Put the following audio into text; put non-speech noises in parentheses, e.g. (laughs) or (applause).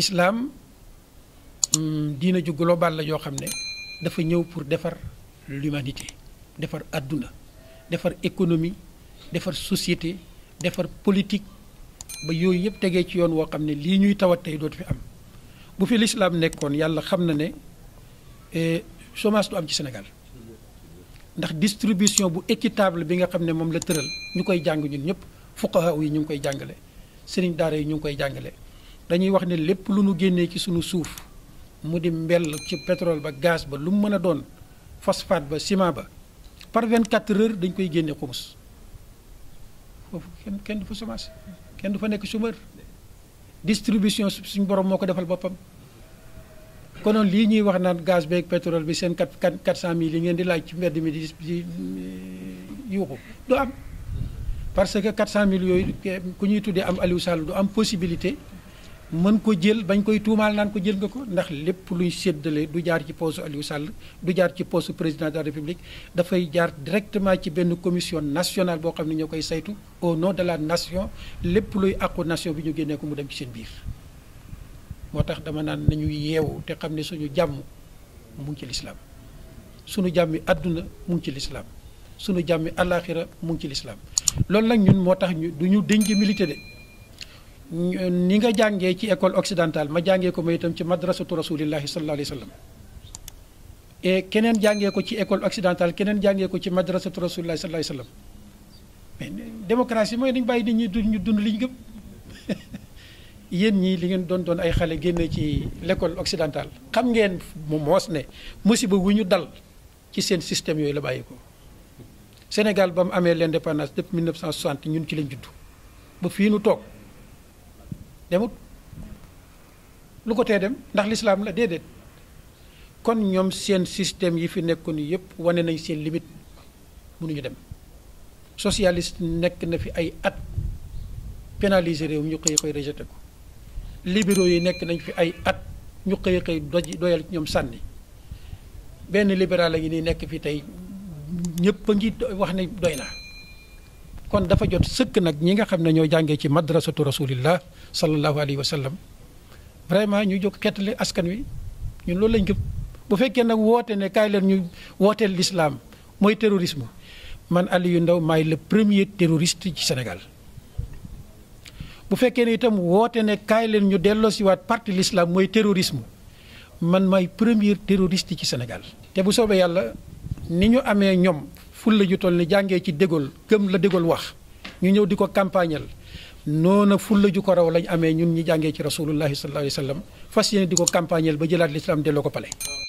islaam diina ju global la yoo xam ne dafa ñëw pour defar l'humanité defar àdduna defar économie defar société defar politique ba yooyu yëpp tegee ci yoon woo xam ne lii ñuy tawat tey dootu fi am bu fi lislaam nekkoon yàlla xam na ne e, chômage du am ci Sénégal ndax distribution bu équitable bi nga xam ne moom la tëral ñu koy jàng ñun ñëpp fuqaha yi ñu ngi koy jàngale sëriñ daara yi ñu ngi koy jàngale dañuy wax ne lépp lu nu génnee ci sunu suuf mu di mbell ci pétrole ba gaz ba lu mu mën a doon phosphate ba ciment ba par 24 heures dañ koy génne xumus foofu kenn kenn du fa semence kenn du fa nekk chômeur distribution suñ borom moo ko defal boppam konoon lii ñuy wax naan gaz beeg pétrole bi seen quatre quatre cent mille yi ngeen di laaj ci mbedd mi di di yuuxu du am parce que quatre cent mille yooyu ku ñuy tuddee am Aliou Sall du am possibilité mën ko jël bañ koy tuumaal naan ko jël nga ko ndax lépp luy séddale du jaar ci poosu Aliou sàll du jaar ci poosu président de la République dafay jaar directement ci benn commission nationale boo xam ne ñoo koy saytu au nom de nation lépp luy àqu nation bi ñu génnee ko mu dem ci seen biir moo tax dama naan nañu yeewu te xam ne suñu jàmm mu ngi ci lislaam suñu jàmmi àdduna mu ngi ci lislaam suñu jàmmi àllaaxira mu ngi ci lislaam loolu nag ñun moo tax ñu du ñu de ni nga jàngee ci école occidentale ma jàngee ko ma itam ci madrasatu rasulillahi sallallahu alayhi wa sallam et keneen jàngee ko ci école occidentale keneen jàngee ko ci madrasatu rasulillahi sallallahu alayhi wa sallam mais démocratie mooy dañu bàyyi nit ñi duñ dund liñ gëm (laughs) yéen ñii li ngeen doon doon ay xale génne ci l'école occidentale xam ngeen mu moos ne musiba wu ñu dal ci seen système yooyu la bàyyi ko Sénégal ba mu amee l'indépendance depuis 1960 ñun ci lañ judd ba fii nu toog demut lu ko tee dem ndax lislaam la déedéet kon ñoom seen système yi fi nekkoon yëpp wane nañ seen limite mënuñu dem socialiste nekk na fi ay at pénaliser réew ñu xëy xëy rejeté ko libéraux yi nekk nañ fi ay at ñu xëy xëy doyal ñoom sànni benn libéral la ngi nii nekk fi tey ñëpp a ngi wax ne doy na kon dafa jot sëkk nag ñi nga xam ne ñoo jàngee ci madrasatu rasulillah sallallahu alayhi wa sallam vraiment ñu jóg xeetale askan wi ñun loolu lañ gëm bu fekkee nag woote ne kaay leen ñu wooteel l'islam mooy terrorisme man Aliou Ndao maay le premier terroriste ci Sénégal bu fekkee ne itam woote ne kaay leen ñu delloosiwaat parti l'islam mooy terrorisme man maay premier terroriste ci Sénégal te bu soobee yàlla ni ñu amee ñoom fulla ju toll ni jàngee ci dégol gëm la dégol wax ñu ñëw di ko campagnal noona fulla ju ko raw lañ amee ñun ñi jàngee ci rasulullahi sallallahu alayhi wa sallam fas yéene di ko campagnal ba jëlaat lislaam delloo ko pale